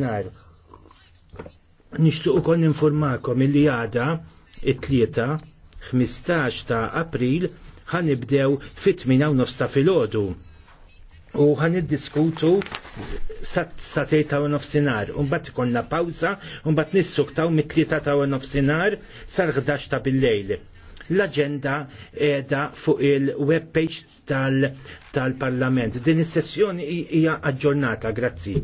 nar. Nishtuq ukoll informakom illi għada it-tlieta 15 ta' April ħanibdew fit-8 u nofs ta' filgħodu. U ħan diskutu sa' ta' nofsinhar. u nofsinar. Umbat konna pawza, nissuk nissuktaw mit-tlieta ta' nofsinhar nofsinar sar-11 ta' bil-lejl. L-agenda edha fuq il-webpage tal-parlament. Din is-sessjoni hija aġġornata, grazzi.